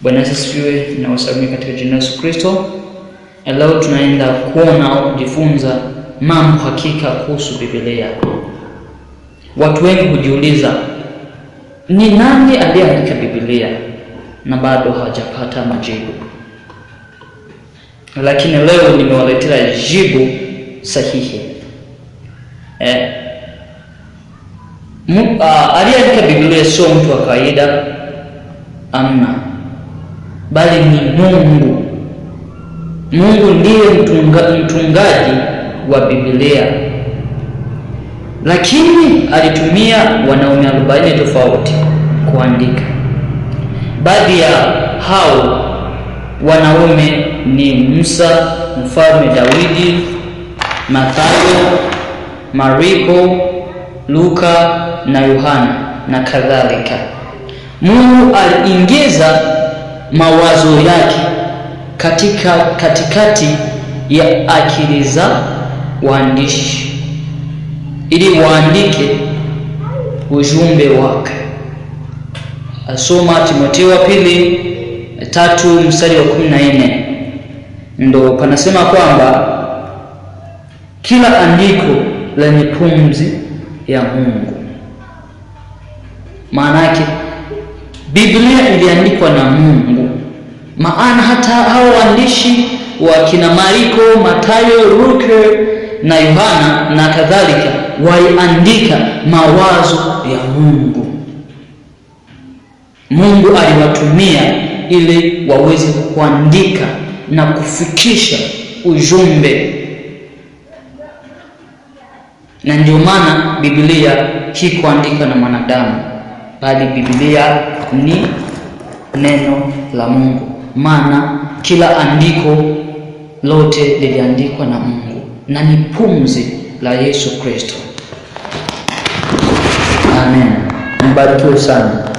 Bwana asifiwe na wasalimia katika jina la Yesu Kristo. leo tunaenda kuona au kujifunza mambo hakika kuhusu Biblia. Watu wengi hujiuliza ni nani aliyeandika Biblia na bado hawajapata majibu, lakini leo nimewaletea jibu sahihi. Eh, ah, aliyeandika Biblia sio mtu wa kawaida amna bali ni Mungu. Mungu ndiye mtunga, mtungaji wa Biblia, lakini alitumia wanaume arobaini tofauti kuandika. Baadhi ya hao wanaume ni Musa, mfalme Daudi, Mathayo, Mariko, Luka na Yohana na kadhalika. Mungu aliingiza mawazo yake katika katikati ya akili za waandishi ili waandike ujumbe wake. Asoma Timotheo wa pili tatu mstari wa kumi na nne ndo panasema kwamba kila andiko lenye pumzi ya Mungu maana yake Biblia iliandikwa na Mungu, maana hata hao waandishi wa kina Mariko, Mathayo, Luke na Yohana na kadhalika waliandika mawazo ya Mungu. Mungu aliwatumia ili waweze kuandika na kufikisha ujumbe, na ndio maana Biblia hikuandika na mwanadamu bali Biblia ni neno la Mungu, maana kila andiko lote liliandikwa na Mungu na ni pumzi la Yesu Kristo. Amen. Mbarikiwe sana.